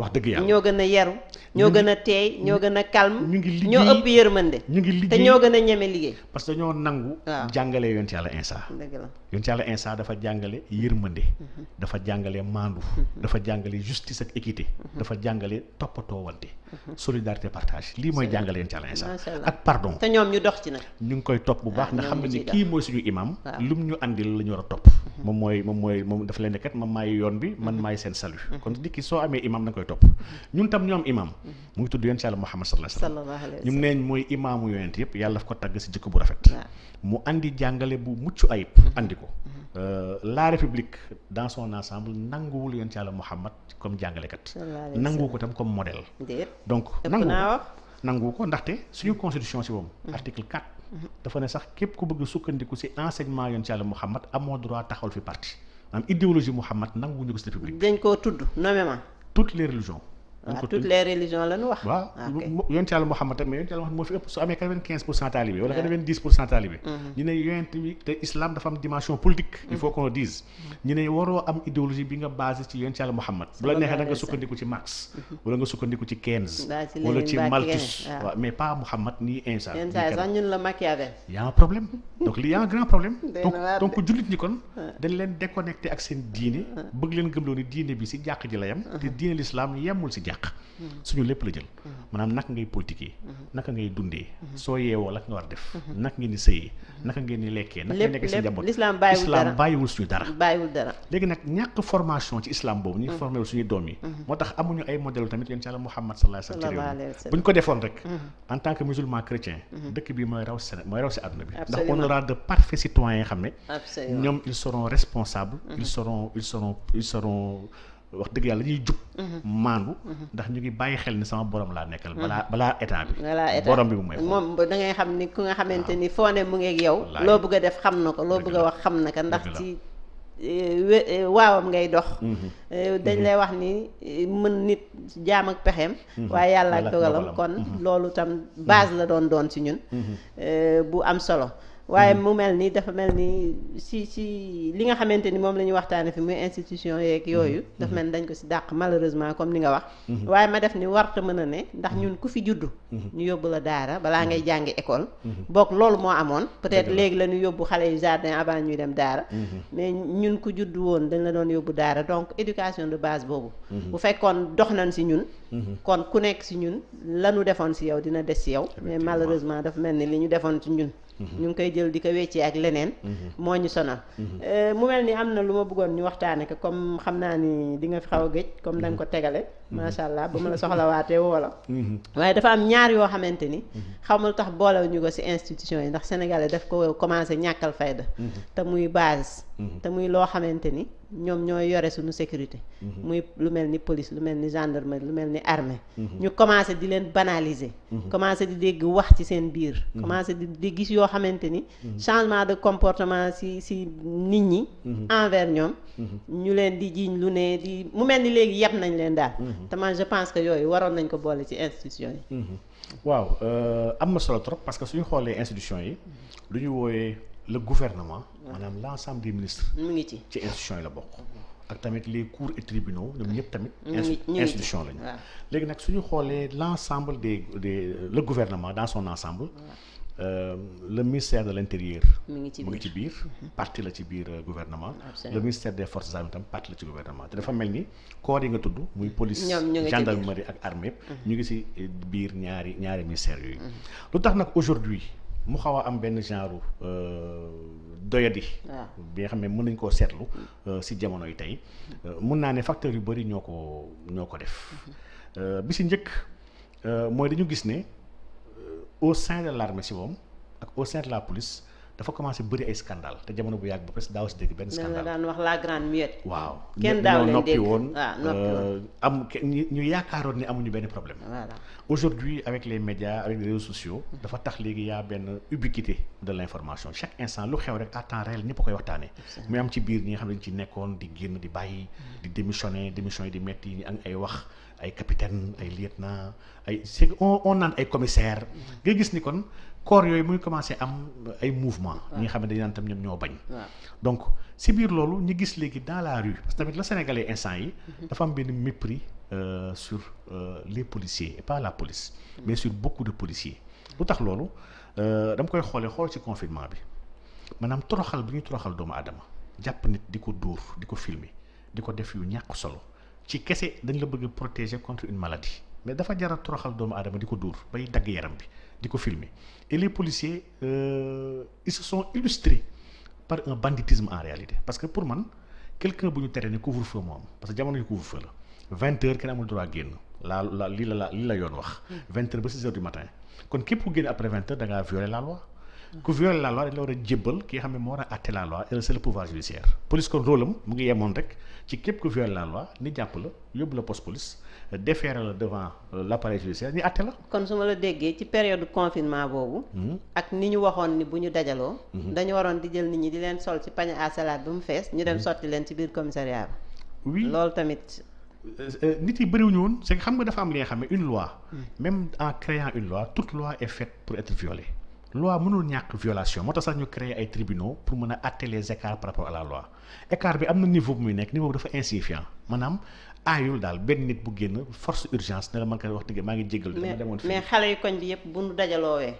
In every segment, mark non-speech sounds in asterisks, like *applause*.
wax dëgg yàlla ñoo gën a yaru ñoo gën a teey ñoo gën a calme ñu ngi liggéey ñoo ëpp yërmande ñu ngi liggéey te ñoo gën a ñeme liggéey parce que ñoo nangu jàngale yonent yàlla Insa dëgg la yonent yàlla Insa dafa jàngale yërmande mhm. dafa jàngale maandu mhm. dafa jàngale justice ak équité mhm. dafa jàngale toppatoowante solidarité partage lii mooy jàngaleen challenge sax ak pardon te ñoom ñu dox ci nag ñu ngi koy topp bu baax ah, nga xam ne ni kii mooy suñu imam lum ñu andil la ñu war a topp mhm. moom mooy moom mooy moom dafa leen nekkat man maay yoon bi man mhm. maay seen salut mhm. kon nit ki soo amee imam da nga koy topp ñun tam ñu am imam mu ngi tudd yonent yàlla Muhammad sallallahu alayhi wa sallam ñum neen mooy imaamu yonent yëpp yàlla daf ko tàgg si jikko bu rafet mu andi jàngale bu mucc ayib andi ko Euh, la république dans son ensemble nanguwul yoon ci yàlla Muhammad comme jàngalekat. nanguwu ko tam comme modèle. donc nanguwu ko nanguwu ko ndaxte suñu mm-hmm. constitution si moom. Mm-hmm. article 4. Mm-hmm. dafa ne sax képp ku bëgg sukkandiku si enseignement yoon ci yàlla Muhammad amoo droit taxawal fi parti maanaam idéologie Muhammad ñu ko si république. dañ koo tudd nommément. toutes les religions. waaw toutes les religions la ñu wax. waaw ah, yonent Muhammad tamit yonent yàlla Muhammad moo fi ëpp su amee quatre quinze pour cent taalibe wala quatre vingt pour cent taalibe. Mm-hmm. ñu ne yonent bi dafa am dimension politique. il faut qu'on dise. Mm-hmm. ñu ne waroo am idéologie bi nga basé ci yonent yàlla Muhammad. bu la neexee da nga sukkandiku ci Marx. Mm-hmm. wala nga sukkandiku ci Keynes. wala ci Malthus waaw mais pas Muhammad nii Insa. Insa sax y a un problème donc a un grand problème. *laughs* donc donc jullit ñi kon *laughs* dañ leen déconnecté ak seen diine. *laughs* bëgg leen gëmloo ni diine bi si jàq ji la yem. te diine l'islam yemul si yàq suñu lépp la jël maanaam naka ngay politiquer naka ngay dundee soo yeewoo la nga war def naka ngeen di sëyee naka ngeen di lekkee naka ngeen nekkee njaboot islam bàyyiwul suñu dara léegi nag ñàkk formation ci islam boobu ñu mm. formé suñu doom yi mm-hmm. moo tax amuñu ay modèle tamit yéen ci Yàlla Muhammad sallallahu alayhi wa sallam bu ñu ko defoon rek mm-hmm. en tant que musulman chrétien mm-hmm. dëkk bi mooy raw si mooy raw si àdduna bi ndax on de parfaits citoyens yoo wax dëgg yàlla ñuy jub. Mhm. maandu. Mhm. ndax ñu ngi bàyyi xel ni sama borom laa nekkal. Mhm. balaa balaa état bi. balaa état borom bi moom mooy. moom da ngay xam ni ku nga xamante ni foo ne mu ngeeg yow. loo bëgg a def xam na ko loo bëgg a wax xam na ko ndax ci. Eh, eh, waawam ngay dox eh, dañ lay wax ni mën nit jaam ak pexeem waaye yàlla ak dogalam kon loolu tam baas la doon doon ci ñun bu am solo waaye mm. mu mel ni dafa mel ni si si li nga xamante ni moom la ñuy waxtaane fi muy institution yeeg mm-hmm. yooyu dafa mm-hmm. mel ni dañ ko si dàq malheureusement comme ni nga wax mm-hmm. waaye ma def ni warta mën a ne ndax ñun ku fi juddu ñu yóbbu la daara balaa ngay jàngi école book loolu moo amoon peut-être léegi la ñu yóbbu xale yu jardin avant ñuy dem daara mais ñun ku juddu woon dañ la doon yóbbu daara donc éducation de base boobu bu fekkoon dox nañ si ñun kon ku nekk si ñun lanu defoon si yow dina des si yow mais malheureusement dafa mel ni li ñu defoon si ñun ñu ngi koy jël di ko weccee ak leneen mhm. moo ñu sonal mhm. euh, mu mel ni am na lu ma bëggoon ñu waxtaane ko comme xam naa ni di nga xaw a géej comme da nga mhm. ko tegale macha allah ba ma la soxlawaatee woo la waaye dafa am ñaar yoo xamante ni xaw ma lu tax boolewuñu ko ci institution yi ndax sénégalais daf ko commencé ñàkkal fayda te muy base te muy loo xamante ni ñoom ñooy yore suñu sécurité. Mhm. muy lu mel ni police lu mel ni gendarmerie lu mel ni armée. Mhm. ñu commencé di leen banaliser. Mhm. commencé di dégg wax ci seen biir. commencé di di gis yoo xamante ni. changement de comportement si si nit ñi. envers ñoom. ñu leen di jiiñ lu ne di mu mel ni léegi yeb nañ leen daal. te je pense que yooyu waroon nañ ko boole ci institution yi. waaw euh, am na solo trop parce que suñu xoolee institution yi lu ñu wooyee le gouvernement. maanaam l' ensemble des ministres. mu ngi ci ci institution yi la bokk. Mm-hmm. ak tamit les cours et tribunaux ñoom ñëpp tamit. institution lañu léegi nag suñu xoolee l' ensemble des des le gouvernement dans son ensemble. Euh, le ministère de l' intérieur. mu ngi ci biir mu ngi ci biir mm-hmm. parti la ci biir euh, gouvernement. le ministère des forces armées tam parti la ci gouvernement te dafa mel ni corps yi nga tudd. muy police gendarmerie ak armée mm-hmm. ñu ngi si euh, biir ñaari ñaari ministères yooyu. mu xaw a am benn genre euh, doyadi. Ah. bi nga xam ne mën nañ koo seetlu euh, si jamono yi tey euh, mun naa ne facteurs yu bëri ñoo ko ñoo ko def mm-hmm. bi si njëkk mooy dañu gis ne au sein de l'armée si moom ak au sein la police. dafa commencé bëri ay scandale te jamono bu yàgg ba presque daaw si dégg benn scandale waaw kenn daaw leen dégg woon ah, euh, am ñu yaakaaroon ni amuñu benn problème voilà aujourd'hui avec les médias avec les réseaux sociaux dafa tax léegi yaa benn ubiquité de l'information chaque instant lu xew rek à temps réel ñëpp koy waxtaanee muy am ci biir ñi nga xam ne dañ ci nekkoon di génn di bàyyi di démissionner démissionner di metti ñi ak ay wax ay capitaine ay lieutenant ay c'est on on naan ay commissaire mm-hmm. corps yooyu muy commencé am ay mouvement ñi nga xam ne dañu naan tam ñoom ñoo bañ donc si biir loolu ñu gis léegi dans la rue parce que tamit la sénégalais instant yi mhm. dafa am benn mépris euh, sur euh, les policiers et pas la police mm. mais sur beaucoup de policiers lu tax loolu euh, dama koy xoolee xool ci confinement bi maanaam toroxal bu ñuy toroxal doomu aadama jàpp nit di ko dóor di ko filmer di ko def yu ñàkk solo ci kese dañ la bëgg a protéger contre une maladie mais dafa jara toroxal doomu aadama di ko dóor bay dagg yaram bi di ko filmer et les policiers euh, ils se illustrés par banditisme en réalité parce que pour man quelqu'un bu ñu tere ne couvre-feu moo parce que jamono yu couvre-feu la vingt heures kenn amul droit génn la la lii la la lii la yoon wax mm. vingt ba six heures du matin kon képp ku génn après vingt heures violer la loi ku viole la loi dañ la war a jébbal ki xam ne moo war a àtte la loi et c'est le pouvoir judiciaire police kon rôle am mu ngi yemoon rek ci képp ku viole la loi euh, kon su ma la déggee ci période confinement boobu. Hmm. ak ni ñu waxoon ni bu ñu dajaloo. Hmm. dañu waroon di jël nit ñi di sol ci pañe à salade bu mu fees. ñu dem hmm. leen ci biir commissariat bi. oui loolu tamit. Euh, euh, nit yi bëriwuñu woon c'est xam nga dafa am li xam ne une loi. même en créant une loi toute pour être violée. loi mënul ñàkk violation moo tax sax ñu créer ay tribunaux pour mën a àtte les écarts par rapport à la loi écart bi am na niveau bu muy nekk niveau bi dafa insuffisant maanaam aayul daal benn nit bu génn force urgence ne la man wax dëgg maa ngi jégal. dama demoon mais xale yu koñ bi yëpp bu nu dajaloowee.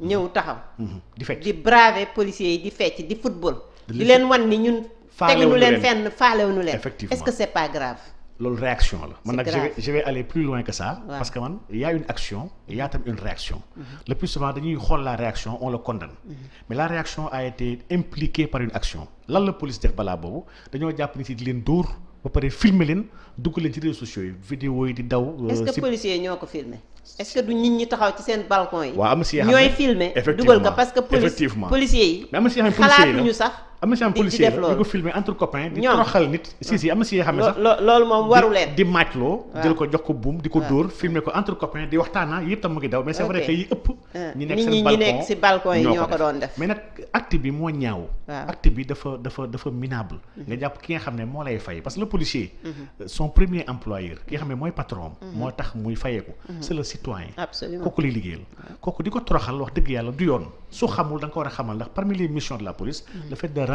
ñëw taxaw. Mm-hmm. di fecc di braver policiers yi di fecc di football. di leen wan ni ñun. faalewu nu leen teg fenn faalewu nu leen. effectivement ce que loolu réaction la man nag je vais je vais aller plus loin que ça ouais. parce que man y une action y tam une réaction mm -hmm. le dañuy xool la réaction on le condamne mhm. mais la réaction a été impliquée par une action lan la police def balaa boobu dañoo jàpp ni si di leen dóor ba pare filmer leen dugg leen ci réseaux sociaux yi vidéo yi di daw est-ce que euh, ñoo ko filmer est du nit ñi taxaw ci seen balcon yi waaw am si ñooy filmer dugal ko parce que police policiers yi mais am na si am policier di ko filmer entre copains di toroxal nit na di maajloo ko jox ko buum di ko dóor filmer ko entre copains di waxtaana ah, yëpp tam mu ngi daw mais c'est vrai que bi moo ñaaw acte bi dafa dafa minable mhm. nga jàpp ki nga xam ne moo lay fay parce que le policier mhm. euh, son premier employeur ki nga xam ne mooy patron mhm. moo tax muy fayeeku c'est le citoyen kooku lay liggéeyal kooku di ko toroxal wax dëgg yàlla du yoon su xamul da ko war a xamal ndax parmi les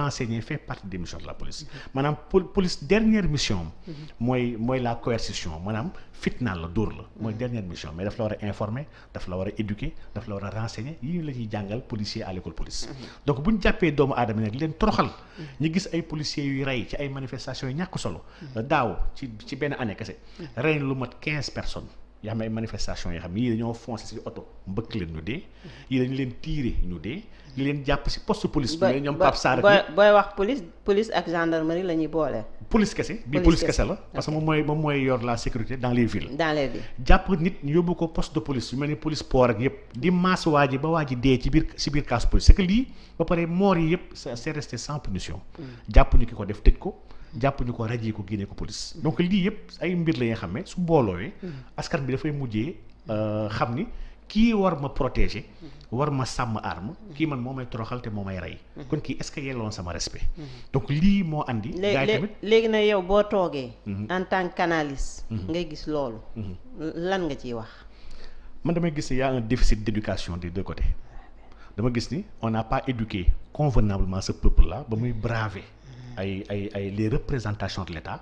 renseigner fait partie des missions de la police maanaam police dernière mission mooy mooy la coercition maanaam fitnaal la dóor la mooy dernière mission mais daf la war a informer daf la war a éduquer daf la war a renseigner yi ñu la ñuy jàngal policier à l'école police donc bu ñu jàppee doomu aadama nag leen toroxal ñu gis ay policiers yuy rey ci ay manifestations yu ñàkk solo daaw ci benn année kese rey lu mat quinze personnes yoo xam ne ay manifestations yoo xam ne yii dañoo foncé ci di leen jàpp si poste police. ba ñoom Pape Sarr ak booy wax police police ak gendarmerie la ñuy police kese bii police kese la. parce que moom mooy moom mooy yor la sécurité dans les dans les jàpp nit yóbbu ko poste de police yu mel ni police port ak yëpp di maas waa ji ba waa ji dee ci biir si biir case police c'est que lii ba pare moor yi yëpp c'est resté sans punition. Mm. jàpp ñu ko def tëj ko. jàpp ñu ko rajee ko génne ko police. Mm. donc lii yëpp ay la yoo xam ne su boolooyee. Mm. askan bi dafay mujjee euh, xam ni. kii war ma protéger mhm. war ma sàmm arme kii man moo may toroxal te moo may rey mhm. kon kii est-ce que yelloon sama respect mhm. donc lii moo andi léegi na yow boo toogee en tant que ngay gis loolu lan nga ciy wax man damay gis ni y a un déficit d'éducation des deux côtés dama gis ni on n'a pas éduqué convenablement ce peuple là ba muy braver ay ay ay les représentations de l'État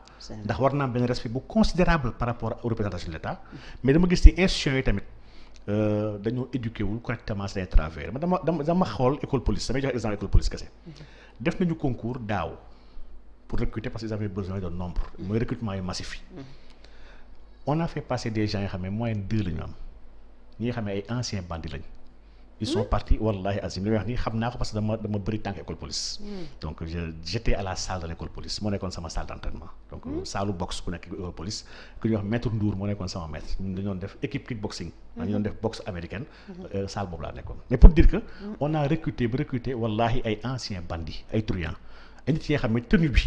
ndax war naa am benn respect bu considérable par rapport aux représentations de l'État mais gis ni institutions yi tamit Euh, dañoo éduqué wul correctement seen travers ma dama dama dama xool école police samay joxe exemple école police kese. Mhm. def nañu concours daaw pour recruter parce qu'ils avaient besoin de nombre. Mhm. mooy recrutement yu massif yi. Mhm. on a fait passer des gens yoo xam ne moyenne deux la ñu am ñi nga xam ne ay anciens bandits lañ. ils sont partis wallahi azim li wax nii xam naa ko parce que dama dama tànk école police. Hmm. donc je à la salle de l' police moo nekkoon sama salle d' donc hmm. saalu boxe ku nekk école police ku ñuy wax maître Ndour moo nekkoon sama maître ñun dañu def équipe kickboxing. Hmm. dañu doon def boxe américaine. Euh, salle boobu laa nekkoon mais pour dire que. on a recruté ba recruté wallahi ay anciens bandits ay truands ay nit yi bi.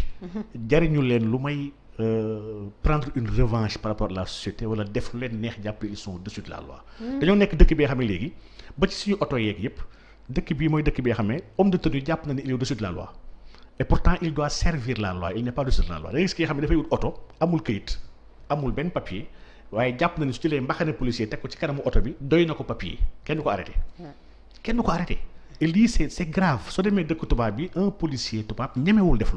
jariñu leen lu may. Euh, prendre une revanche par rapport à la société wala def lu leen neex jàpp ils sont au-dessus la loi. Hmm. dañoo nekk dëkk bi nga xam léegi ba ci suñu oto yeeg yëpp dëkk bii mooy dëkk bi nga xam ne homme de tenue jàpp na ne il est de la la loi il gis ki nga xam ne dafay wut oto amul këyit amul benn papier waaye jàpp na ne su jëlee mbaxane policier teg ko ci kanamu oto bi doy na ko papier kenn du ko arrêté. kenn du ko arrêté. et lii c'est c'est grave soo demee dëkk tubaab bi un policier tubaab ñemewul def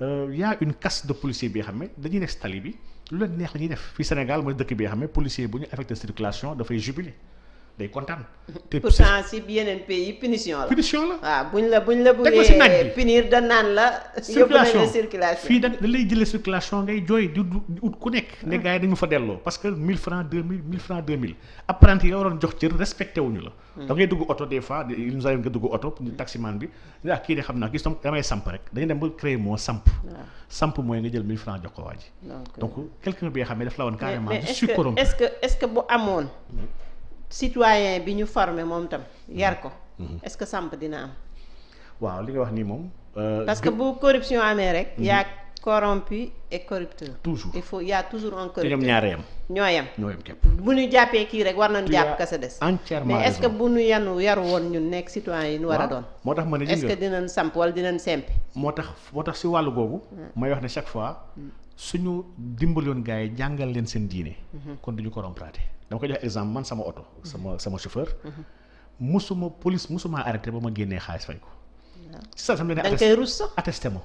Euh, y a une casse de policiers bi xam ne dañuy nekk si bi lu leen neex la ñuy def fii Sénégal mooy dëkk bi xam ne bu ñu affecté circulation dafay jubilé day kontaan. *laughs* te pourtant si yeneen pays punition la. punition la waaw ah, buñ la la buggee punir da naan la. yóbbu nañ la circulation fii da lay ku nekk. ne gars yi dañu fa delloo parce que 1000 francs 2000 1000 francs 2000 apprenti yi nga waroon jox cër respecté wuñu la. Hmm. da ngay dugg oto des fois il nous arrive nga dugg oto ñu taximan bi ne ah, kii de xam naa kii tam damay samp rek dañu dem ba créer moo samp. Ah. samp mooy nga jël 1000 francs jox ko waa ji. donc euh, quelqu'un bi nga xam ne citoyen bi ñu formé moom tam yar ko. Mm-hmm. Mm-hmm. est-ce que samp dina am. waaw li nga wax nii moom. Euh, parce que bu corruption amee rek. Mm-hmm. yaa corrompu et corrupteur. toujours il faut y a toujours un corrupteur. ñoom ñaar yam. ñoo yam ñoo yam képp. bu ñu jàppee kii rek war nañu jàpp ka sa des. entièrement mais est-ce que bu ñu yanu yaru woon ñu nekk citoyen yi ñu war a doon. moo tax ma ne est-ce que dinañ samp wala dinañ sempi. moo tax moo tax si wàllu googu. Mm. may wax ne chaque fois. Mm. suñu dimbaloon gars yi jàngal leen seen diine. kon duñu corrompraate dama koy jox exemple man sama oto. Mhm. sama sama chauffeur. Mhm. musuma police musuma arrêté ba ma génnee xaalis fay ko. sa ci sa sam ne da nga koy sax attesté ma.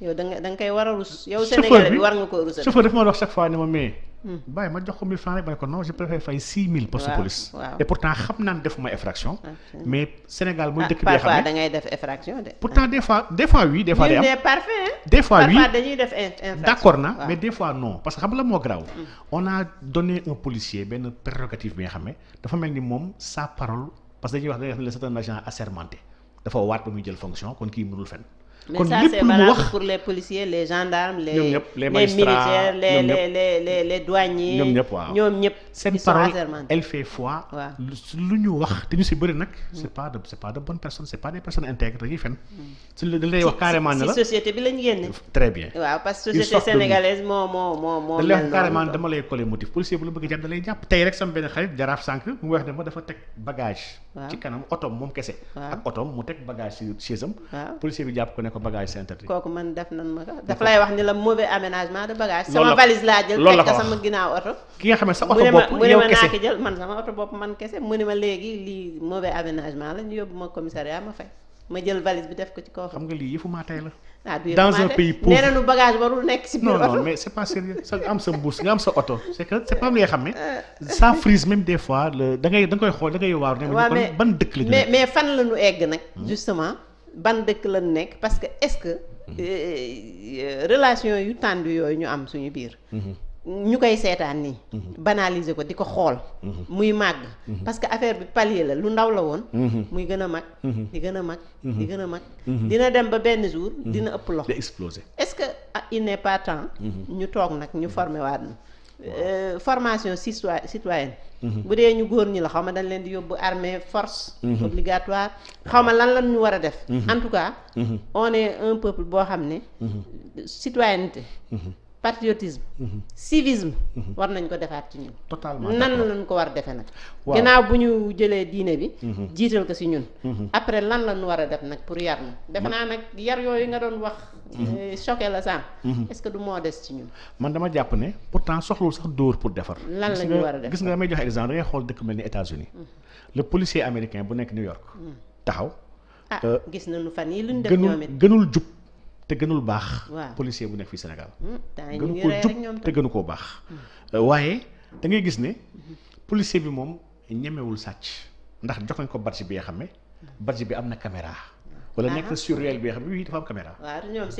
yow da nga da nga koy war a rus. yow Sénégal bi war nga koy rus chauffeur bi dafa ma wax chaque fois ne ma mais. Hmm. bàyyi ma jox ko 1000 francs rek ma ne ko non je préfère fay 6000. poste police et pourtant xam naa ne defuma effraction. mais Sénégal mooy ah, dëkk bi nga xam ne da ngay def effraction de. pourtant des fois des fois oui des dañuy def infraction na mais des non parce que xam la moo garaaw. Hmm. on a donné un policier benn prérogative bi nga xam ne dafa mel ni moom sa parole parce que dañuy wax ne c'est un agent assermenté dafa waat ba muy jël fonction kon kii mënul fen kon lépp lu mu wax pour les policiers les gendarmes les ñoom ñëpp les les les les les douaniers ñoom ñëpp waaw ñoom ñëpp seen parole lu ñu wax te ñu si bëri nag mm. c'est pas de c'est pas de bonnes personnes c'est pas des personnes intègres dañuy fen mm. su dañ lay wax carrément ne la société bi lañ génne très bien waaw parce que société sénégalaise moo moo moo moo dañ lay wax carrément dama lay coller motif policier bu la bëgg jàpp da lay jàpp tey rek sama benn xarit jaraaf sànq mu wax ne ma dafa teg bagage ci kanam otom moom kese. ak otom mu teg bagage si chaise am. policier bi jàpp ko ne ko bagage synthétique. kooku man def nan ma ko daf lay wax ni la mauvais aménagement de bagage. sama valise laa jël teg ko sama ginnaaw oto. ki nga xam ne sa oto bopp yow kese mu jël man sama oto bopp man kese mu ne ma léegi lii mauvais aménagement la ñu yóbbu ma commissariat ma fay ma jël valise bi def ko ci kaw xam nga lii yëfu maa tey la Ah, dans un pays pauvre nee na nu bagage warul nekk si biir oto mais c' est pas sérieux am sa mbuus nga am sa oto c' est pas li nga xam ne *laughs* euh. ça frise même des fois le dangay ngay koy xool da ngay waaru ne mais ban dëkk la mais mais fan la ñu egg nag hmm? justement ban dëkk la ñu nekk parce que est ce que hmm. euh, euh, relation yu tàndu yooyu ñu am suñu biir hmm. ñu koy seetaan nii. Mhm. banaliser ko di ko xool. Mhm. muy màgg. Mhm. parce que affaire bi palier la lu ndaw la woon. muy gën a mag. di gën a mag. di gën a mag. dina dem ba benn jour. dina ëpp loxo. exploser est-ce que ah, il n'est pas temps. ñu toog nag ñu former waat na euh, formation citoyenne. bu dee ñu góor ñi la xaw ma dañ leen di yóbbu armée force. obligatoire xaw ma lan lan ñu war a def. en tout cas. on est peuple boo xam ne. citoyenneté. patriotisme mhm. civisme mhm. war nañ ko defaat ci ñun totalement nan lañ ko war defe nag gannaaw bu ñu jëlee diine bi mhm. jiital ko si ñun après lan la ñu war a def nag pour yar na defe naa nag yar yooyu nga doon wax eh, choqué la sànq est-ce que du moo des ci ñun man dama jàpp ne soxlul sax dóor pour defar lan la ñu war a def gis nga may joxe exemple da ngay xool dëkk mel ni États-Unis le policier américain bu nekk New York taxaw ah euh, gis nañu fan yi lu ñu def ñoom it te gënul baax. policier bu nekk fii Sénégal. Hmm, gënu koo jub te gënu koo baax. Hmm. Euh, waaye da ngay gis ne hmm. policier bi moom ñemewul sàcc ndax jox nañ ko badge bi nga xam ne badge bi am na caméra. wala nekk sur bi xam bi dafa am caméra. waaw ñoom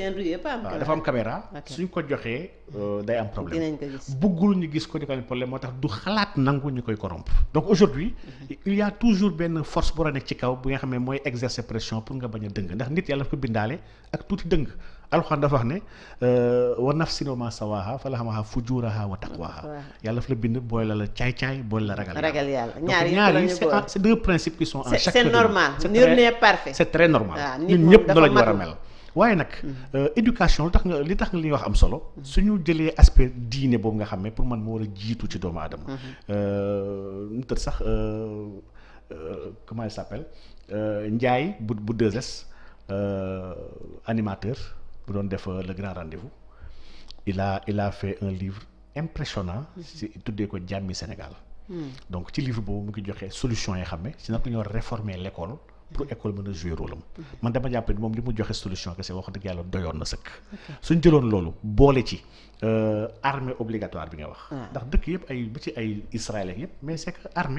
dafa am caméra suñ ko joxee euh, day am problème dinañ ko gis ñu gis ko di ko am problème moo tax du xalaat nangu ñu koy corrompre donc aujourd'hui mhm. il y toujours benn force boo war nekk ci kaw bi nga xamee mooy exercer pression pour nga bañ a dëng ndax nit yàlla ko bindaale ak tuuti dëng alxuraan dafa wax ne euh, wa nafsin wa ma sawaaha fa la xamaha fujuraha wa taqwaha yàlla dafa la bind booy la la caay-caay booy la ragal ragal yàlla ñaar yi ñaar yi c'est deux principes très normal ah, ñun ñëpp noonu la ñu war a mel waaye nag mm-hmm. euh, éducation li tax nga li tax nga li wax am solo mm-hmm. suñu jëlee aspect diine boobu nga xam ne pour man moo war a jiitu ci doomu aadama ñu mm-hmm. euh, tëdd sax comment bu bu 2S animateur bu doon def euh, le grand rendez-vous il a il a fait un livre impressionnant si tuddee ko jàmmi Sénégal hmm. donc ci livre boobu mu ngi joxe solution yi xam ne si naka ñoo réformer l'école pour hmm. école mën a jouer rôle hmm. man dama jàpp ni moom li mu joxe solution kese wax dëgg yàlla doyoon na sëkk suñ jëloon loolu boole ci euh, armée obligatoire bi nga wax ah. ndax dëkk yëpp ay ba ci ay israéliens yëpp mais c'est que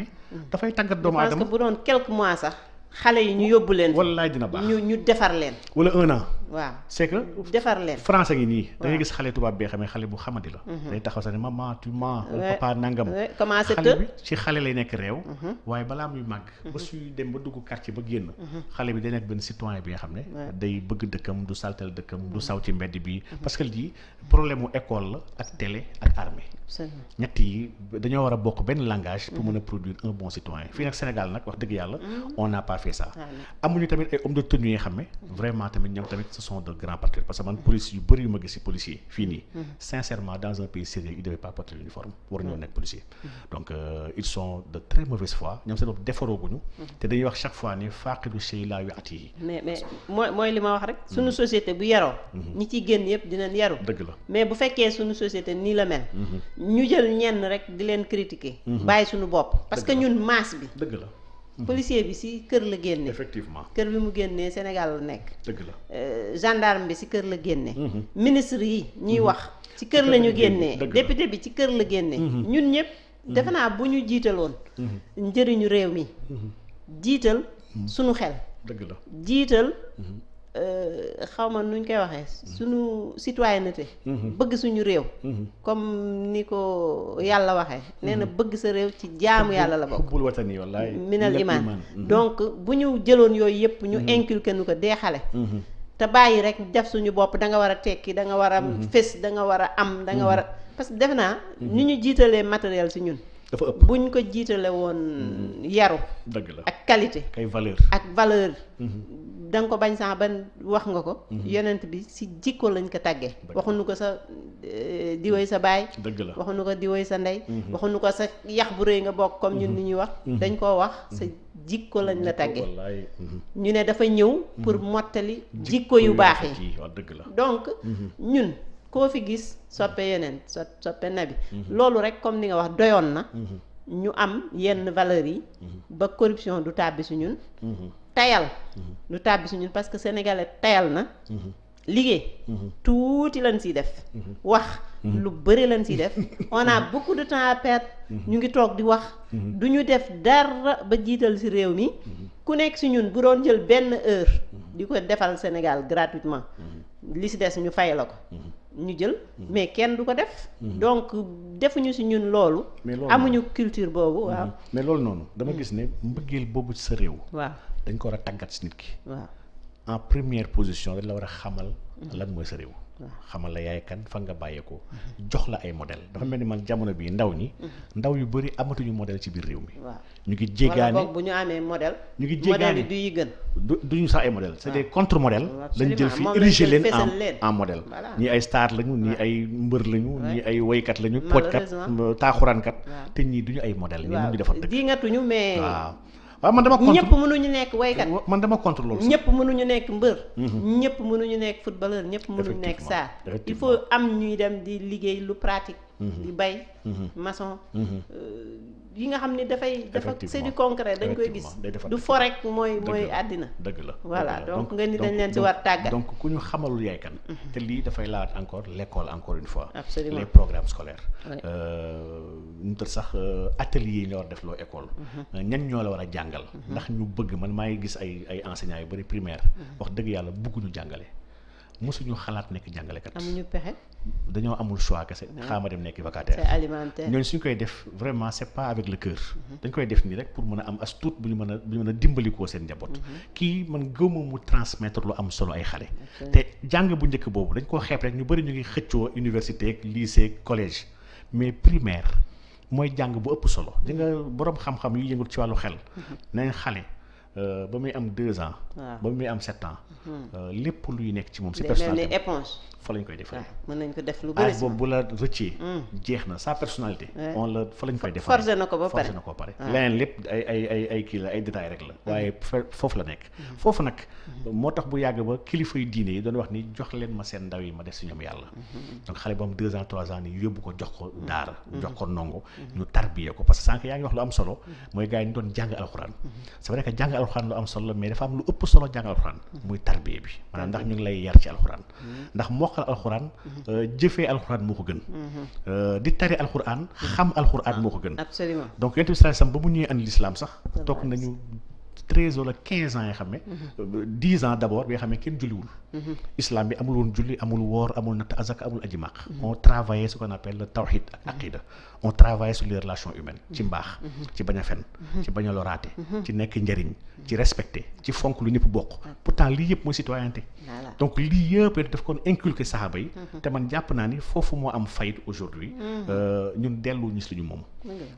dafay tàggat doomu aadama parce que bu doon quelques mois sax xale yi ñu yóbbu leen wallaay dina baax ñu ñu defar wala un waaw c'est que. defar leen français gi nii. da ngay gis xale tubaab bee xamee xale bu xamadi la. Mhm. day taxaw sax ne maman tu mens. wala papa nangam. commencé te xale bi ci xale lay nekk réew. Mhm. waaye balaa muy màgg. Mhm. ba suy dem ba dugg quartier ba génn. xale bi day nekk benn citoyen bi nga xam ne. day bëgg dëkkam du saltal dëkkam du saw ci mbedd bi. parce que lii problème mu la ak télé ak armée. ñett yi dañoo war a bokk benn langage. pour mën a produire un bon citoyen fii nag Sénégal nag wax dëgg yàlla. on n'a pas fait ça. amuñu ce sont de grands patriotes parce que man police yu bëri yu ma gis ci policier fii nii mm-hmm. sincèrement dans un pays sérieux ils devaient pas porter l'uniforme war ñoo nekk policier mm-hmm. donc euh, ils sont de très mauvaise foi ñoom seen bopp defarooguñu mm-hmm. te dañuy wax chaque fois ni faaqidu sey laa yu at yi mais mais mooy li ma wax rek suñu société bu yaroo ñi ciy génn yëpp dinañ yaru dëgg la mais bu fekkee suñu société nii la mel ñu jël ñenn rek di leen critiquer bàyyi su bopp parce que ñun la Mhm. policier bi si kër la génne. effectivement kër bi mu génnee Sénégal la nekk. dëgg la euh, gendarme bi si kër la génne. Mhm. ministre yi ñuy mhm. wax. ci kër lañu génne génnee bi ci kër la génne. ñun ñëpp defe naa bu ñu jiitaloon. njëriñu réew mi. jiital sunu xel. dëgg jiital. Euh, xaw ma nuñ koy waxee suñu citoyenneté mhm. bëgg suñu réew mhm. comme ni ko yàlla waxee nee na mhm. bëgg sa réew ci jaamu yàlla la bokk watani wallaay mm, minal iman donc bu ñu jëloon yooyu yëpp ñu inculqué nu ko dee xale te bàyyi rek jaf suñu bopp da nga war a tekki da nga war a fés da nga war a am da war a parce que def naa ni ñu jiitalee matériel si ñun dafa ëpp buñ ko jiitalee woon mm-hmm. yaru dëgg ak qualité kay valeur ak valeur mm-hmm. da ko bañ saa ba wax nga ko mm-hmm. yonent bi si jikko lañ ko tàggee waxuñu ko sa eh, diwoy sa baay dëgg la waxuñu ko diwoy sa ndey waxuñu ko sa yax bu rëy nga bokk comme ñun ni ñuy wax dañ koo wax sa jikko lañ la tàggee ñu ne dafa ñëw pour mottali jikko yu baax yi dëgg donc ñun koo fi gis soppe mm-hmm. yeneen soppe bi mm-hmm. loolu rek comme ni nga wax doyoon na mm-hmm. ñu am yenn valeurs yi ba corruption du tàbbi su ñun tayal du tàbbi su ñun parce que sénégalais tayal na liggéey tuuti lañ siy def wax lu bëri lañ si def *laughs* onaat a beaucoup de temps à perdre ñu ngi toog di wax du ñu def dara ba jiital si réew mi ku nekk si ñun bu doon jël benn heure di ko defal Sénégal gratuitement li si des ñu fay la ko ñu jël mhm. mais kenn du ko def mhm. donc defuñu si ñun loolu amuñu culture boobu mhm. waaw mais loolu noonu dama gis ne mbëggeel boobu sa réew waaw dañ ko war a tàggat si nit ki waaw en première position dañ la war a xamal lan mooy sa réew xamal la yaay kan fan nga bàyyeekoo. jox la ay modèle dafa mel ni man jamono bii ndaw ñi. ndaw yu bëri amatuñu modèle ci biir réew mi. ñu ngi jéggaane wala boog bu ñu amee modèle. ñu ngi jéggaane du yi gën. du duñu sax ay modèle c'est des contre modèles. lañ jël fi érigé leen en en modèle. ñii ay star lañu ñii ay mbër lañu. ñii ay woykat lañu. poojkat taaxuraankat. te ñii duñu ay modèle ñii ñu ngi defar dëgg. diingatuñu mais. waaw waaw man dama contre ñëpp mënuñu nekk waykat man dama contre loolu ñëpp mënuñu nekk mbër mhm. ñëpp mënuñu nekk footballeur ñëpp mënuñu nekk saa il faut am ñuy dem di liggéey lu pratique Mm-hmm. di bay mm-hmm. maçon mm-hmm. Euh, yi nga xam ni dafay dafa c'est du concret dañ koy gis du forek mooy mooy àddina dëgg la voilà donc nga ni dañ leen si war tàggat donc ku ñu xamalu yaay kan te lii dafay laat encore l'école encore une fois absolument les programmes scolaires euh, ñu tal sax euh, ateliers yi nga war def loo école ñan ñoo la war a jàngal ndax ñu bëgg man maa ngi gis ay ay enseignants yu bari primaire wax dëgg yàlla bëgguñu jàngale mosuñu xalaat nekk jàngalekat. amuñu pexe. dañoo amul choix kese. xaaral dem nekk vacataire. c'est alimentaire suñ koy def vraiment c'est pas avec le cœur. Mm-hmm. dañ koy def nii rek pour mën a am as bu ñu mën a bu ñu mën a dimbalikoo seen njaboot. Mm-hmm. kii man gëmma mu transmettre lu am solo ay xale. te jàng bu njëkk boobu dañ koo xeeb rek ñu bëri ñu ngi xëccoo université ak lycée collège mais primaire mooy jàng bu ëpp solo. di nga borom xam-xam yu yëngu ci wàllu xel. Mm-hmm. nañ xale. Euh, ba muy am deux ans. Ah. ba muy am sept ans. Hmm. Euh, lépp luy nekk ci moom. si personnalité éponge fa lañ koy defaree. Ah, nañ ko def lu bëri boobu bu la rëccee. Hmm. jeex na sa personnalité. on la fa lañ koy defaree ko ba pare forcé ko ba pare. Ah. leneen lépp la ay détails rek la. Hmm. foofu la nekk. foofu nag moo tax bu yàgg ba kilifa yu diine yi doon wax ni jox leen ma seen ndaw yi ma def si ñoom yàlla. donc xale bu am deux ans trois ans nii yóbbu ko jox ko daara. jox ko ndongo ñu tarbiyee ko parce que sànq yaa ngi wax lu am solo. mooy gars yi ñu doon jàng alxuraan. c'est vrai que jàng alxuraan lu am solo mais dafa am lu ëpp solo jàng alxuraan muy tarbiya bi maanaam ndax ñu ngi lay yar ci alxuraan mm-hmm. ndax mokkal alxuraan mm-hmm. euh, jëfee alxuraan moo ko gën mm-hmm. euh, di tari alxuraan xam alxuraan moo ko gën absolument donc yonent bi sallallahu alayhi wasallam ba mu ñëwee andi lislaam sax toog nañu treize wala quinze ans yoo xam ne euh, ans d' abord bi nga xam ne kenn julliwul islam bi amul woon julli amul woor amul natt azaka amul aji maq on travaillait ce appelle le ak aqida on travaille sur les relations humaines ci mm-hmm. mbaax mm-hmm. ci bañ a fen mm-hmm. ci bañ a loraate ci nekk njëriñ ci respecter ci fonk lu ñëpp bokk pourtant lii yëpp mooy citoyenneté donc lii yëpp daf ko inculquer saxaaba yi te man jàpp naa ni foofu moo am fayit aujourd'hui euh, ñun dellu ñu suñu moom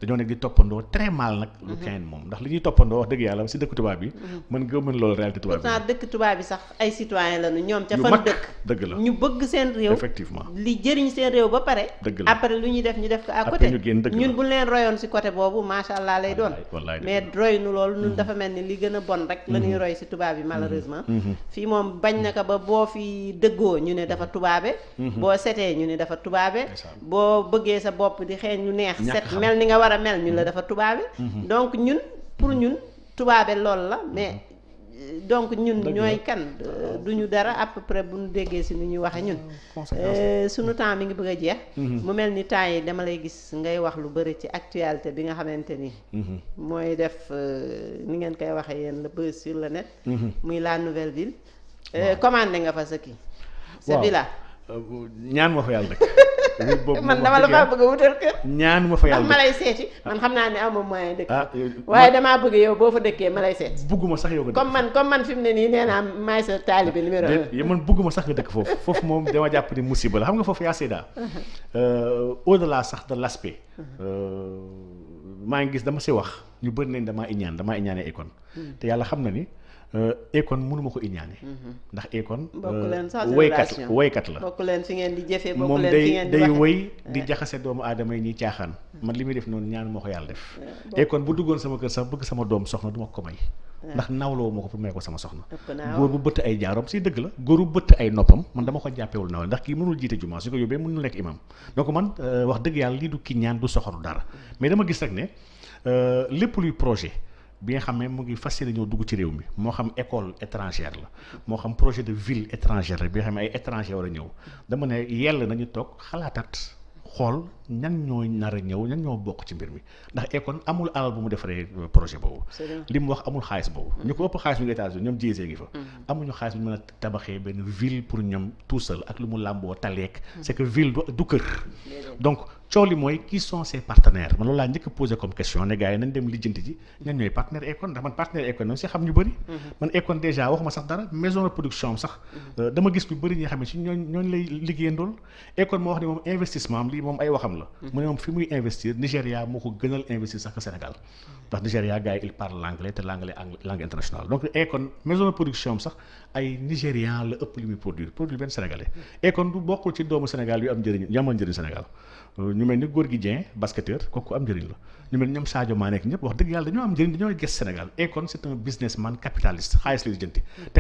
dañoo nekk di toppandoo très mal nag lu kenn moom ndax li ñuy toppandoo wax dëgg yàlla si dëkk tubaab bi mën nga loolu réalité tubaab bi sax ay citoyen lañu ñoom ca fan dëkk dëgg la ñu bëgg seen réew effectivement li jëriñ seen réew ñu génn dëgg ñun bu leen royoon si côté boobu macha allah lay doon mais roy nu loolu ñun mm-hmm. dafa mel ni li gën a bon rek la ñuy mm-hmm. roy si tubaab yi mm-hmm. malheureusement fii moom bañ na ko ba boo fi dëggoo ñu ne dafa tubaabe boo setee ñu ne dafa tubaabe boo bëggee sa bopp di xeeñ ñu neex set mel ni nga war a mel ñu la dafa tubaabe donc ñun pour ñun tubaabe loolu la mais donc ñun ñooy kan ah, euh, duñu dara à peu bu ñu déggee si nu ñuy waxee ñun ah, euh, sunu temps mi ngi bëgg a jeex mhm. mu mel ni temps yi dama lay gis ngay wax lu bëri ci actualité bi nga xamante ni mhm. mooy def euh, ni ngeen koy waxee yéen le buzz sur le net mhm. muy la nouvelle ville commandé nga fa sa kii sa ñaan ma yàlla *laughs* wut boobu man dama la faa bëgg a wutal kër ñaan ma fa yàlla ma lay seeti man xam naa ne aw ma moyen dëkk ah, waaye damaa bëgg yow boo fa dëkkee ma lay seeti bugguma sax yow nga comme man comme man fi mu ne nii nee naa maay sa taalibe numéro ah, un man bugguma sax nga dëkk foofu *laughs* foofu moom dama jàpp ni musiba la xam nga foofu yaa seeda au *laughs* uh-huh. euh, delà sax de l'aspect uh-huh. euh, maa ngi gis dama si wax ñu bëri nañ damaa iñaan damaa iñaanee icône hmm. te yàlla xam na ni Euh, Akon mënuma ko iñaane mhm. ndax Akon euh, woykat woykat la bokk leen fi ngeen di jëfee moom day day woy di jaxase doomu aadama yi ñuy caaxaan mm. man li muy def noonu ñaan moo ko yàlla def Akon bu duggoon sama kër sax bëgg sama doom soxna du ma ko may ndax nawloo ma ko pour may ko sama soxna góor bu bëtt ay jaarom si dëgg la góor bu bëtt ay noppam man dama ko jàppewul nawle ndax kii mënul jiite jumaa su ko yóbbee mënul nekk imam donc man euh, wax dëgg yàlla lii du ki ñaan du soxoru dara mm. mais dama gis rek ne lépp luy projet bi nga xam ne mu ngi fas yéene ñëw dugg ci réew mi moo xam école étrangère la moo xam projet de ville étrangère la bi nga xam ay étranger war a ñëw dama ne yell nañu toog xalaatat xool ñan ñoo nar a ñëw ñan ñoo bokk ci mbir mi ndax Econ amul alal bu mu defaree euh, projet boobu li mu wax amul xaalis boobu mm-hmm. ñu ko ëpp xaalis mu ngi États-Unis ñoom GIE ngi fa mm-hmm. amuñu xaalis bu ñu a tabaxee benn ville pour ñoom tout seul ak lu mu làmboo taleek mm-hmm. c'est que ville du kër coow li mooy qui sont ses partenaires man loolu laa njëkk a posé comme question ne gars yi nañ dem lijjanti ji ñan ñooy partenaire Akon ndax man partenaire Akon si xam ñu bëri mhm. man Akon dèjà mhm. euh, dama gis ñu bëri xam ne si ñooñ ñooñu lay liggéeyandool Akon moo wax ne moom investissement am lii moom ay waxam la mhm. mu ne moom fi muy investir Nigéria sax que Sénégal ndax Nigéria gars yi il parle l'anglais te l'anglais langue internationale donc Akon maison de production am ay Nigérian la ëpp li muy produire produire benn Sénégalais Akon du bokkul ci doomu Sénégal yu am njëriñ yu amal njëriñ Sénégal ñu mel ni góor gi Dieng basketteur kooku am njëriñ la ñu mel ni ñoom Sadio Mané ak ñëpp wax dëgg yàlla dañoo am njëriñ dañoo gis Sénégal et kon te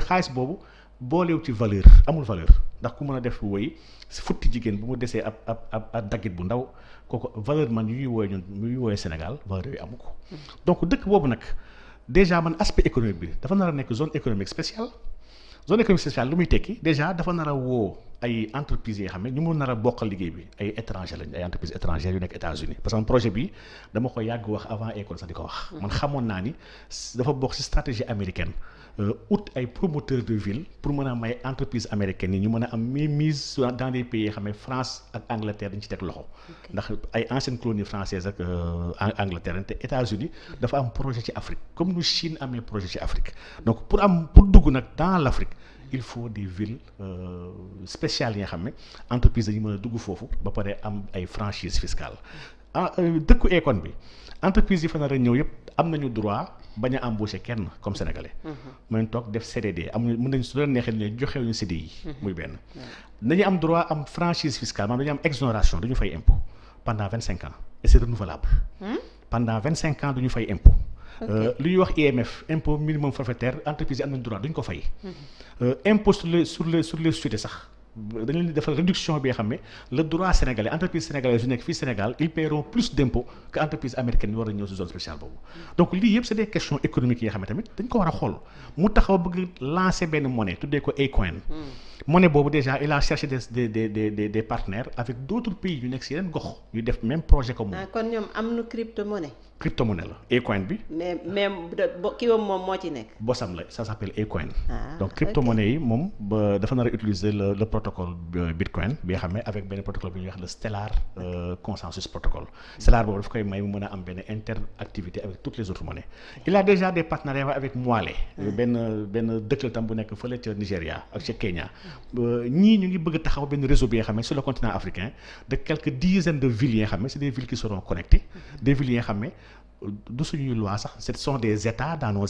xaalis boobu boolew ci valeur amul valeur ndax ku mën a def woy futti jigéen bu mu desee ab ab ab bu ndaw kooku valeur man yu ñuy wooye ñun yu ñuy wooye Sénégal valeur yooyu ko donc dëkk boobu nag déjà man aspect économique dafa nar nekk zone économique spéciale zone économique spéciale lu muy tekki déjà dafa nar a woo ay entreprise yi xam ne ñu mu nar a bokkal liggéey bi ay étranger lañ ay entreprises étrangères yu nekk États-Unis parce que projet bi yàgg wax avant école sax di ko wax. Mm-hmm. man xamoon naa ni dafa bokk ci stratégie américaine euh, ut ay promoteurs de ville pour mën a may entreprises américaines yi ñu mën a am mise dans des pays yi xam ne France ak Angleterre dañ ci teg loxo. ndax ay anciennes colonies françaises ak euh, Angleterre te États-Unis dafa am projet ci Afrique comme nu Chine amee projet ci Afrique donc pour am pour dugg nag dans l'Afrique. il faut des villes euh, spéciales yi nga xam ne entreprise dañu mën a dugg foofu ba pare am ay franchise fiscale ah, euh, dëkku écone bi entreprise yi fa nar a ñëw yëpp am nañu droit bañ a embaucher kenn comme sénégalais. Mhm. mën nañ toog def CDD am mën nañ su doon neexee ne joxe wu ñu CDI. Mhm. muy benn dañuy am droit am franchise fiscale maanaam dañu am exonération du fay impôt pendant vingt cinq ans et c'est renouvelable. Hmm? ñu fay impo Euh, li ñuy wax IMF impôt minimum forfaitaire entreprise yi am nañ droit duñ ko fay. Euh, impôt sur les sur les sur les sax dañu leen defal réduction bi nga xam ne le droit sénégalais entreprise sénégalaise yu nekk fii Sénégal ils paieront plus d' impôt entreprise américaine yi war a ñëw si zone spéciale boobu. donc lii yëpp c' est des questions économiques yi tamit dañ ko war a xool mu taxaw bëgg lancer benn monnaie tuddee ko Acoin. Hmm. monnaie boobu déjà il a cherché des des des d' autres pays yu nekk si yeneen gox yu def même projet comme moom. Ah, kon ñoom cryptomonnaie la Acoin bi. mais mais kii boobu moom moo ci nekk. bosam la ça s' appelle Acoin. Ah, donc cryptomonnaie yi moom ba dafa nar a utiliser le protocole Bitcoin bi nga xam ne avec benn protocole bi ñuy wax euh, a am benn interactivité avec toutes les ah. euh, tam bu nekk fële ca Nigéria ak ca Kenya. ñii ñu ngi bëgg taxaw benn réseau bi nga xam ne sur le de quelques dizaines de du suñuy loi sax ce son des états dans nos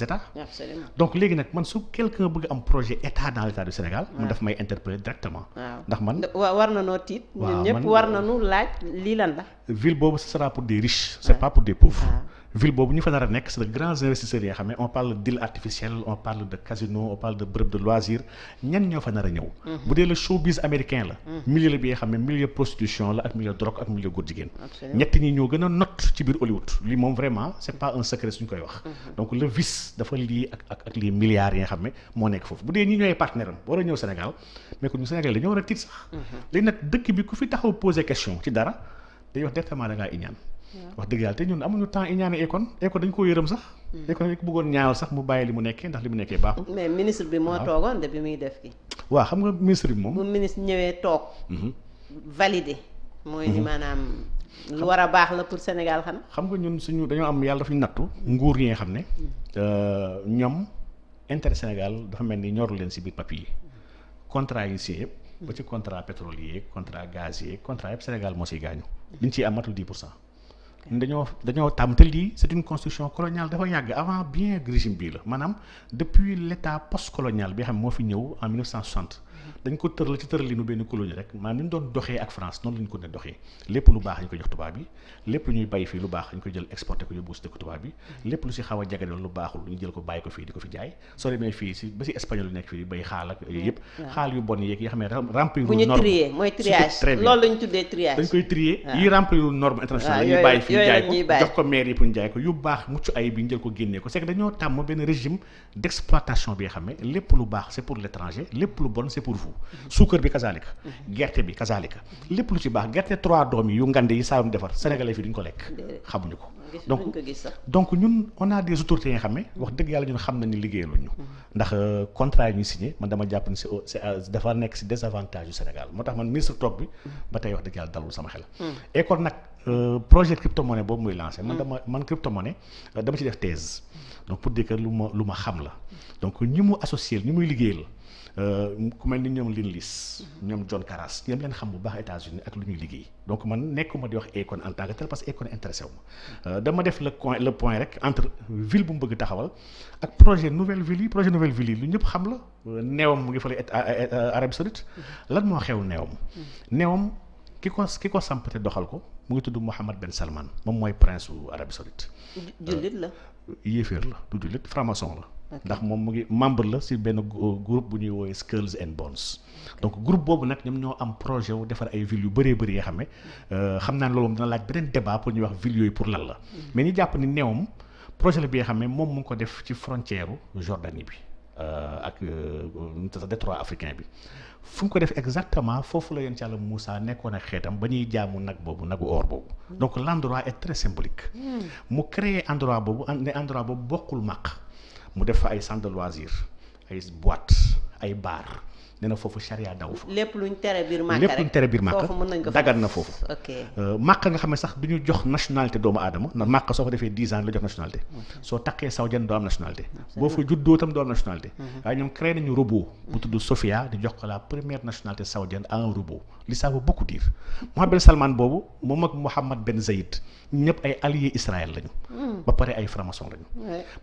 donc léegi nag man su quelqu'un bëgg am projet état dans l'état du Sénégal. man daf may interpeller directement. ndax man war na noo tiit. ñun ñëpp war na nu laaj lii lan la. ville boobu ce sera pour des riches. c'est pas pour des pauvres. ville boobu ñu fa nar nekk c'est de grands investisseurs yoo on parle d'île artificielle on parle de casino on parle de bërëb de loisir ñan ñoo fa nar ñëw mhm. bu dee le showbiz américain la mhm. milieu bi nga xam ne prostitution la ak milieu drogue ak milieu góor jigéen ñett ñi ñoo gën a not ci biir Hollywood li moom vraiment c'est pas un secret suñ koy wax mhm. donc le dafa lii ak ak ak les milliards moo nekk foofu bu dee ñi ñooy partenaire am wax dëgg yàlla te ñun amuñu temps i ñaane Akon Akon dañ ko yërëm sax Akon hmm. dañ ko bëggoon ñaawal sax mu bàyyi li mu nekkee ndax li mu nekkee baaxul mais ministre bi moo toogoon de bi muy def ki waaw xam nga ministre bi moom bu ministre ñëwee toog mhm. validé mooy ni mhm. maanaam lu war a baax la pour Sénégal xam xam nga ñun suñu dañoo am yàlla dafa ñu nattu nguur yi nga xam ne hmm. euh, ñoom intérêt Sénégal dafa mel ni ñoru leen si biir papier hmm. contrat yi si yëpp ba ci contrat pétrolier contrat gazier contrat yëpp Sénégal moo siy gaañu liñ ciy am matul 10 dañoo dañoo tàmm te lii c'est une constitution coloniale dafa yàgg avant bien régime bii la maanaam depuis l'état post colonial bi xam moo fi ñëw en 1960 dañ ko tëral ci tëralinu benn colonie rek maanaam ni ñu doon doxee ak France noonu lañ ko ne doxee baax dañ ko jox tubaab bi lépp lu ñuy bàyyi fii lu baax dañ ko jël exporté ko yóbbu si dëkk tubaab bi lépp lu si yu nekk fii bay xaal ak ne remplir bu ñu trier mooy triage loolu lañ tuddee ko jox baax mucc ay bi ñu jël ko génnee ko c'est que dañoo tàmm benn régime d'exploitation bi nga xam ne lépp lu baax c'est pour l'étranger lépp lu bon c'est pour vous foofu suukar bi kazaalika gerte bi kazaalika lépp lu ci baax gerte trois doom yi yu ngande yi saalum defar sénégalais fii duñ ko lekk xamuñu ko donc donc ñun on a des autorités yi nga xam ne wax dëgg yàlla ñun xam nañu liggéeyaluñu mm-hmm. ndax euh, contrat yi ñu signé man dama jàpp ni si dafa nekk si désavantage yu Sénégal moo tax man ministre toog bi mm-hmm. ba tey wax dëgg yàlla dalul sama xel mm-hmm. et kon nag euh, projet crypto boobu muy lancé man dama man crypto euh, dama ci def thèse donc pour dire lu ma Euh, ku mel ni ñoom Lynn Liss ñoom John Karas ñoom leen xam bu baax États-Unis ak lu ñuy liggéey donc man nekkuma di wax Akon en tant que tel parce que Akon intéressé wu ma euh, dama def le point le point rek entre ville bu mu bëgg taxawal ak projet nouvelle ville yi lu ñëpp xam la euh, neewam mu ngi fële Arabie Saoudite lan moo xew neewam neewam ki ko samp te doxal ko mu ngi tudd Mohammed Ben Salman moom mooy prince u Arabie Saoudite jullit la yéeféer la du jullit franc ndax moom mu ngi membre la si benn euh, groupe bu ñuy woowee Skulls and Bones donc group boobu nag ñoom ñoo am projet wu defar ay villes yu bëree bëri yoo xam ne euh, xam naa ne loolu dina laaj beneen débat pour ñuy wax villes yooyu pour lan la mm-hmm. mais ñu jàpp ni neewam projet la bi nga xam ne moom mu ngi ko def ci frontière Jordanie bi euh, ak détroit africain bi fu mu ko def exactement foofu la yoon ci Yàlla Moussa nekkoon ak xeetam ba ñuy jaamu nag boobu nagu or boobu mm-hmm. donc l' endroit est mm. mu créer endroit boobu ne endroit boobu bokkul màq mu def fa ay centre de loisir ay boîte ay bar nee na foofu charia daw fa. lépp luñ tere biir màkk lépp foofu mën na foofu. ok euh, màkk nga xam ne sax du ñu jox nationalité doomu aadama na màkk soo ko defee 10 ans la jox nationalité. soo takkee saoudienne doo am nationalité. boo fa juddoo tam doo am nationalité. Mhm. waaye ñoom créé nañu robot. bu tudd Sofia di jox ko la première nationalité saoudienne à un robot li ça veut beaucoup Salman boobu moom ak Mohamed Ben Zayed. ñëpp ay alliés Israël lañu. Hmm. ba pare ay franc-maçon lañu.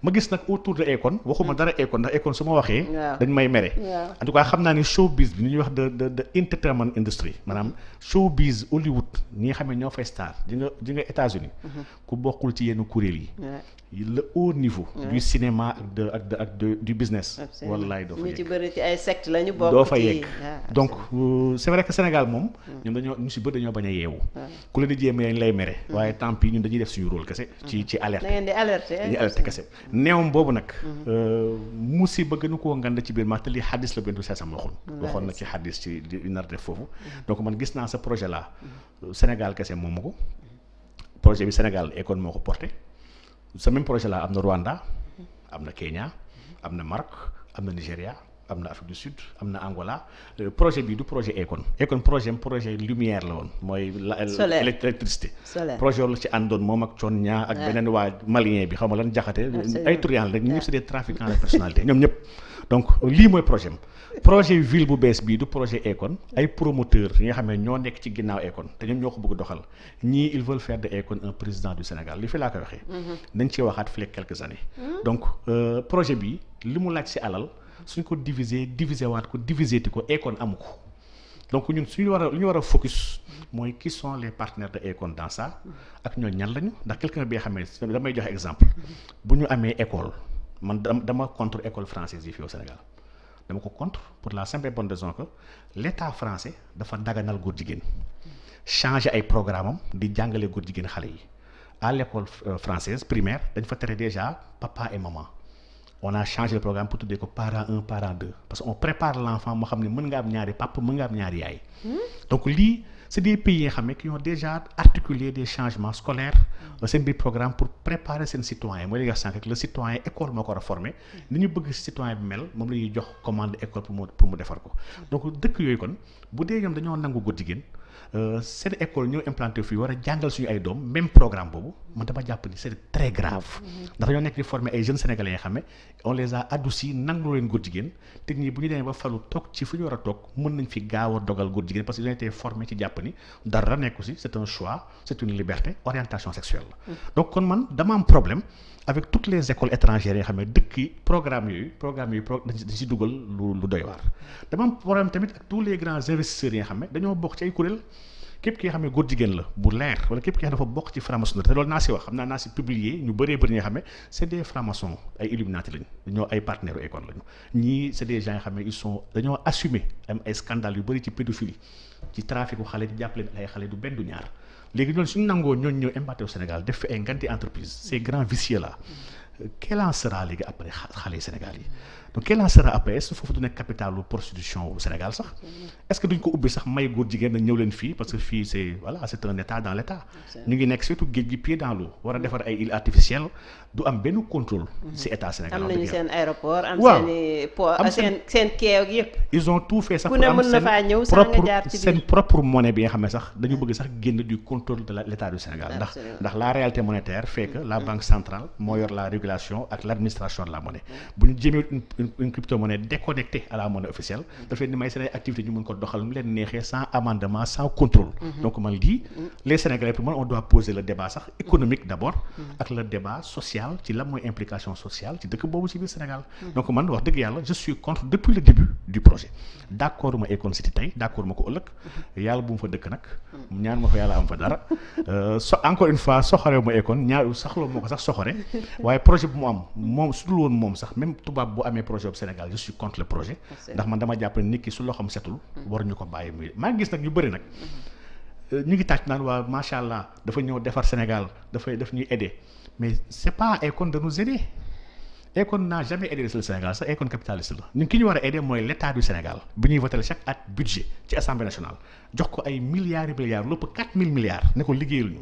ma gis nag autour de Akon waxuma hmm. dara Akon ndax Akon su ma waxee. dañ may mere. en tout xam naa ne showbiz bi ñuy wax de de de entertainment industry maanaam showbiz Hollywood ñi nga xam ne ñoo fay star di nga di nga États-Unis mm-hmm. ku bokkul ci yenn kuréel yi. la haut niveau. du cinéma ak de ak ak de du business. wallaay doo fa yegg ay secte lañu bokk doo fa yegg donc euh, c'est vrai que Sénégal moom. Mm. ñoom dañoo ñu si bëri dañoo bañ a yeewu. ku leen di tant ñu dañuy def suñu rôle kese. ci ci alerte da ngeen di alerter dañuy alerter kese. néewam boobu nag. Mhm. Euh, musiba gënu koo ngand ci biir ma te lii xaddis la benn seesam waxoon. waxoon na ci xaddis ci li nar def foofu. Mhm. donc man gis naa sa projet la mhm. Sénégal kese moom ko. projet bi Sénégal Econ moo ko porté sa même projet la am na Rwanda am na Kenya am na Maroc am na Nigéria. am na Afrique du Sud am na Angola euh, projet bi du projet Econ Econ projet projet lumière la woon mooy. Euh, solaire électricité. projet la ci àndoon moom ak Thion ñaa ak beneen waa malien bi xaw ma lan jaxate. Euh, ay turian rek ñëpp c'est des trafiquants de personnalité ñoom ñëpp. donc lii mooy projet projet ville bu bees bii du projet Econ ay promoteurs yi nga ñoo nekk ci ginnaaw Econ te ñoom ñoo ko bëgg doxal ñii ils veulent de Econ un président du Sénégal li fi laa ko waxee. Mm-hmm. nañ mm-hmm. bi li mu suñ ko diviser diviser waat ko diviser ti ko Akon amu ko donc ñun suñu war lu ñu war a focus mooy qui son les partenaires de Akon dans ça ak ñoo ñan lañu ndax quelqu'un bi nga xamee damay joxe exemple bu ñu amee école man dama contre école française yi fii Sénégal dama ko contre pour la simple et bonne raison que l'état français dafa daganal góor jigéen changer ay programme am di jàngale góor jigéen xale yi à l'école euh, française primaire dañ fa tere déjà papa et on a changé le programme pour tuddee ko parent un parent deux parce que prépare l' enfant xam ne mën nga am ñaari papa mën nga am ñaari yaay. Hmm? donc lii c' est des pays yoo xam ne qui ont déjà articulé des changements seen biir programme pour préparer seen citoyen mooy li nga sànq rek le citoyen école moo ko war hmm. ni ñu bëgg citoyen bi mel moom la ñuy jox commande école pour mu pour mu defar ko hmm. donc dëkk yooyu kon bu dee ñoom dañoo nangu góor jigéen Euh, seen école ñoo implanté fii war a jàngal suñu ay doom même programme boobu man dama jàpp ni c'est très grave mm-hmm. ndax ñoo nekk di former ay jeunes sénégalais yoo xam ne on les a adoucis nangu leen góor jigéen te ñii bu ñu demee ba falu toog ci fu ñu war a toog mën nañ fi gaaw a dogal góor jigéen parce que dañu été formé ci jàpp ni dara nekku si c'est un choix c'est une liberté orientation sexuelle la mm-hmm. donc kon man dama am problème avec toutes les écoles étrangères yi nga xam ne dëkk yi programme yooyu programme yooyu pro si dugal lu lu doy waar dama am tamit ak tous les grands investisseurs yi xam ne dañoo bokk ci ay kuréel képp ki nga xam ne góor jigéen la bu leer wala képp ki nga xam dafa bokk ci franc-maçonnerie te loolu naa si wax xam naa naa si publier ñu bëree bëri ñi nga xam ne c'est des francs-maçons ay illuminati lañu dañoo ay partenaires école lañu ñii c'est des gens yi nga xam dañoo assumé am yu bëri ci pédophilie ci trafic u xale ay xale du benn du ñaar léegi ñoon suñu nangoo ñooñ ñëw implanté au Sénégal def fi ay nganti entreprise ces grands vicieux là quel en sera léegi après xale Sénégal yi donc quel en sera après est-ce foofu du nekk capitalu prostitution au Sénégal sax est-ce que duñ ko ubbi sax may góor jigéen na ñëw fii parce que fii c'est voilà c'est un état dans l'état ñu ngi nekk surtout géej gi pied dans l'eau war a defar ay îles artificielles du am benn contrôle. ci mhm. état Sénégal am nañu seen aéroport am seen i port ah, seen seen keew yëpp. ils ont tout fait sax pour am seen propre seen propre monnaie bi nga xam ne sax dañu hmm. bëgg l' l' administration de la ni may seen activité ñu mën ko doxal mu leen neexee sans amendement sans contrôle. Hmm. donc man lii hmm. les Sénégalais pour man on doit poser le débat sax économique d' abord. ak le débat social. sociale ci lan mooy implication sociale ci dëkk boobu ci biir Sénégal. Hmm. donc man wax dëgg yàlla je suis depuis le début du projet d' accord ma Akon City tey d' accord ma ko ëllëg hmm. yàlla bu mu fa dëkk nag. Hmm. ñaan ma fa yàlla am fa dara *laughs* euh, so encore une fois soxore ko sax soxore *laughs* waaye projet bu mu am moom su woon moom sax même tubaab bu amee projet bu Sénégal je suis contre projet. Ah, ndax man dama jàpp ne nit su loo xam setul. waruñu ko bàyyi muy maa ngi gis nag ñu bëri nag. Euh, ñu ngi tàcc naan waa macha allah dafa ñëw defar Sénégal mais c' est pas Akon de nous aider Akon n'a jamais aidé le Sénégal sax Akon capitaliste la ñun ki ñu war a aider mooy l' état du Sénégal bu ñuy voter chaque at budget ci assemblée nationale jox ko ay milliards et milliards lépp 4000 milliards ne ko liggéeyal ñu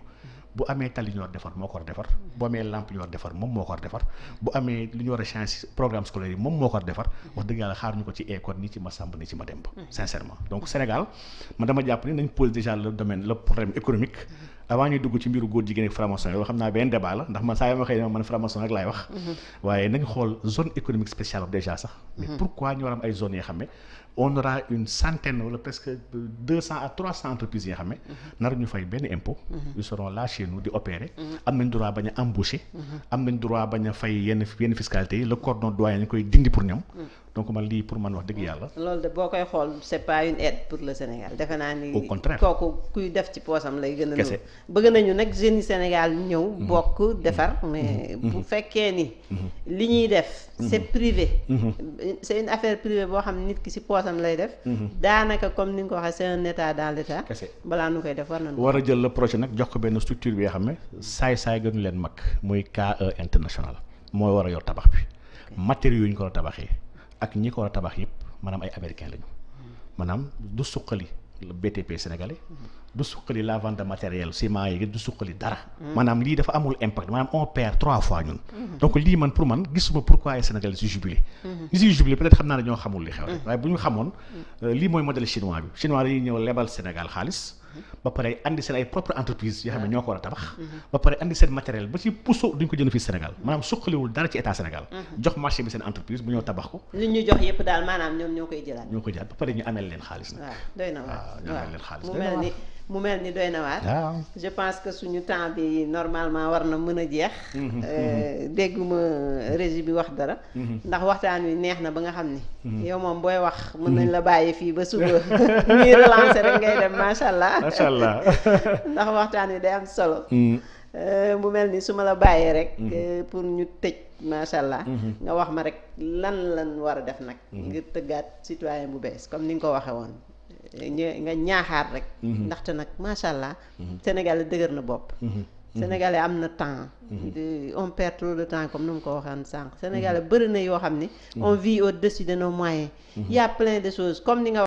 bu amee tali ñu war defar moo ko war defar bu amee lamp ñu war defar moom moo ko war defar bu amee lu ñu war a change programme scolaire yi moom moo ko war defar wax dëgg xaar ñu avant ñuy dugg ci mbiru góor jigéen ak franc-maçon loolu xam naa benn débat la ndax man saa yoo ma xëy ne man franc rek laay wax mhm. waaye nañ xool zone économique spéciale déjà sax mais mhm. pourquoi ñu war am ay zones yoo xam ne on aura une centaine wala presque deux cent à trois cent entreprises yi nga xam mhm. ñu fay benn impôt. Mhm. ils seront là chez nous di opérer. Mhm. am nañ droit bañ a embaucher. am nañ droit bañ a fay yenn yenn fiscalité yi le cordon doyen ñu koy dindi pour ñoom. donc man lii pour man wax dëgg yàlla. loolu de boo koy xool c'est pas une aide pour le Sénégal defe naa ni. contraire kuy def ci poosam lay. gën a nëb bëgg nañu nag jeunes Sénégal ñëw. bokk defar mais. poosam lay def. Mhm. daanaka comme ni nga ko waxee c'est un état dans l'état. kese balaa nu koy def war nañu war a jël le projet nag jox ko benn structure bi nga xam ne saay-saay gënu leen mag muy KE international mooy war a yor tabax bi matériaux yi ñu ko war a tabaxee ak ñi ko war a tabax yëpp maanaam ay américain lañu hmm. maanaam du suqali. le BTP sénégalais du suqali la vente de matériel ciment yi du suqali dara maanaam lii dafa amul impact maanaam on perd trois fois ñun donc lii man pour man gisuma pourquoi ay sénégalais si jubilé ñi si jubilé peut xam naa ne ñoo xamul li xew rek waaye bu ñu xamoon lii mooy modèle chinois bi chinois dañuy ñëw lebal Sénégal xaalis ba pare andi seen ay propre entreprise yoo xam ne ah. ñoo ko war a tabax mm-hmm. ba pare andi seen matériel ba ci puso duñ ko jënd fii Sénégal maanaam suqaliwul dara ci état Sénégal mm-hmm. jox marché bi seen entreprise bu ñëw tabax ko li ñu jox yëpp daal maanaam ñoom ñoo koy jëlaat ñoo koy jëlaat ba pare ñu ameel leen xaalis nag waaw doy na waaw ah, ñu ameel leen xaalis mu mel ni doy na waar je pense que suñu temps bi normalement war na mën a jeex mhm. euh, dégguma régie bi wax dara mhm. ndax waxtaan wi neex na ba nga xam ni mhm. yow moom booy wax mën nañ la bàyyi fii ba suba *laughs* ñuy relancer rek ngay dem macha allah macha allah *laughs* ndax waxtaan wi day am solo euh, mu mel ni su ma la bàyyee rek euh, pour ñu tëj macha allah nga wax ma rek lan lan war a def nag ngir tëggaat citoyen bu bees comme ni nga ko waxee woon nga ñaaxaar rek mhm. ndaxte nag macha allah mhm. sénégalais dëgër na bopp mhm. sénégalais am na temps on perd trop de temps comme nu mu ko waxaan sànq sénégalais bëri na yoo xam ni on vit au-dessus de nos moyens y a de choses comme ni nga